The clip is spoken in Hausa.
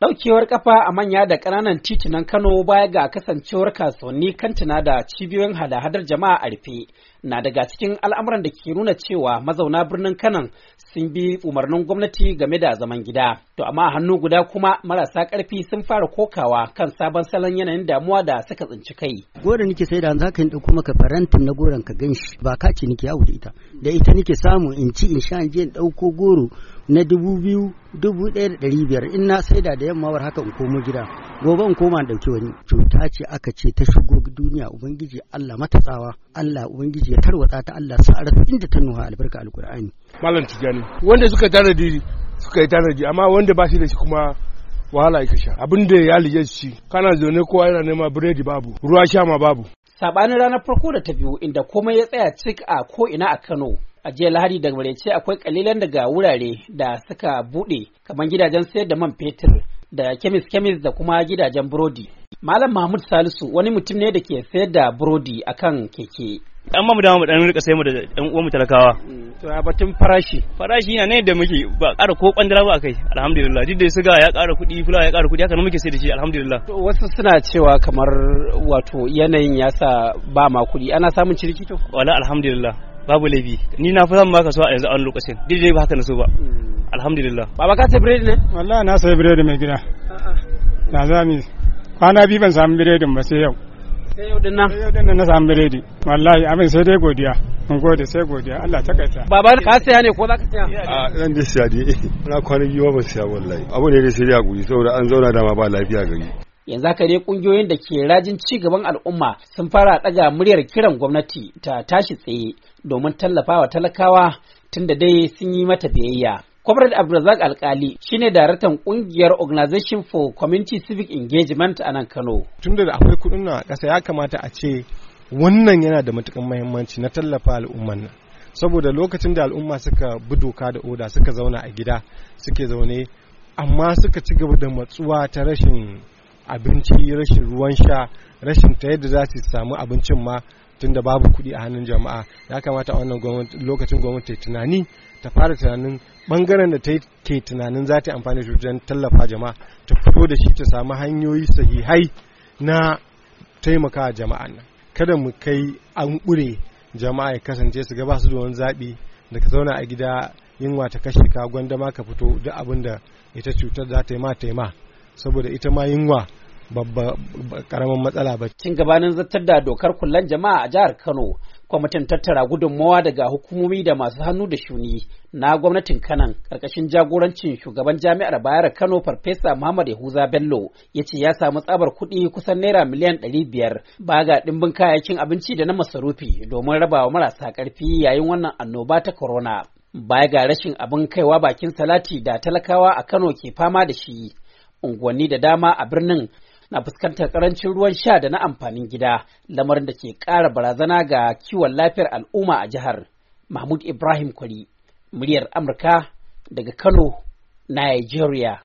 Daukewar kafa a manya da ƙananan titunan Kano baya ga kasancewar kasuwanni kantina da cibiyoyin hada-hadar jama'a a rufe na daga cikin al'amuran da ke nuna cewa mazauna birnin kanan sun bi umarnin gwamnati game da zaman gida to amma a hannu guda kuma marasa karfi sun fara kokawa kan sabon salon yanayin damuwa da suka tsinci kai goro nake sai da zaka yi dauko maka farantin na goran ka ganshi ba ka ci nake yawo da ita da ita nake samu in ci in sha in je in dauko goro na dubu biyu dubu ɗaya da ɗari biyar in na saida da yamma war haka in komo gida gobe in koma in ɗauki wani cuta ce aka ce ta shigo duniya ubangiji Allah matatsawa Allah ubangiji ya tarwatsa ta Allah sa inda ta nuha albarka alkur'ani malam tijani wanda suka tanadi suka yi tanadi amma wanda ba shi da shi kuma wahala yake sha abin da ya lije shi kana zaune kowa yana nema biredi babu ruwa sha ma babu sabanin ranar farko da ta biyu inda komai ya tsaya cik a ko ina a Kano a jiya lahadi da ce akwai kalilan daga wurare da suka bude kamar gidajen sayar da man fetur da kemis kemis da kuma gidajen burodi malam mahmud salisu wani mutum ne da ke sayar da burodi akan keke an ba mu dama mu dan rika sai mu da ɗan uwan mu talakawa mm, to a batun farashi farashi yana ne da muke ba ƙara ko kwandala ba kai alhamdulillah duk da suga ya ƙara kuɗi fulawa ya ƙara kuɗi haka muke sai da shi alhamdulillah to wasu suna cewa kamar wato yanayin ya sa ba ma kuɗi ana samun ciniki to wala alhamdulillah babu laifi ni na fi zan maka so a yanzu a wani lokacin duk da ba haka na so ba mm. alhamdulillah baba ka sai biredi ne wallahi na sai biredi mai gida na zami kwana biyu ban samu biredin ba sai yau sai yau dinnan sai yau dinnan na za ka an zauna ba lafiya gari yanzu haka dai kungiyoyin da ke rajin ci gaban al'umma sun fara daga muryar kiran gwamnati ta tashi tsaye domin tallafawa talakawa tunda dai sun yi mata biyayya Comrade Abdulrazak Alkali shine daraktan kungiyar Organization for Community Civic Engagement a nan Kano. Tunda da akwai kuɗin na ƙasa ya kamata a ce wannan yana da matukan muhimmanci na tallafa al'umman nan. Saboda lokacin da al'umma suka bi doka da oda suka zauna a gida suke zaune amma suka ci gaba da matsuwa ta rashin abinci rashin ruwan sha rashin ta yadda za su samu abincin ma tun da babu kuɗi a hannun jama'a ya kamata a wannan lokacin gwamnati ta tunani ta fara tunanin bangaren da ta ke tunanin za ta amfani da wajen tallafa jama'a ta fito da shi ta samu hanyoyi sahihai na taimaka jama'a nan kada mu kai an ƙure jama'a ya kasance su gaba su da wani zaɓi da ka zauna a gida yunwa ta kashe ka gwanda ma ka fito duk abin da ita cutar za ta yi ma ta yi ma saboda ita ma yunwa babba karamin matsala ba. Cin gabanin zartar da dokar kullan jama'a a jihar Kano, kwamitin tattara gudunmawa daga hukumomi da masu hannu da shuni na gwamnatin Kanan karkashin jagorancin shugaban jami'ar Bayar Kano Farfesa Muhammad Yahuza Bello ya ce ya samu tsabar kuɗi kusan naira miliyan ɗari biyar ba ga ɗimbin kayayyakin abinci da na masarufi domin rabawa marasa karfi yayin wannan annoba ta corona. Baya ga rashin abin kaiwa bakin salati da talakawa a Kano ke fama da shi, unguwanni da dama a birnin na fuskantar karancin ruwan sha da na amfanin gida lamarin da ke ƙara barazana ga kiwon lafiyar al'umma a jihar mahmud ibrahim kwari muryar amurka daga kano nigeria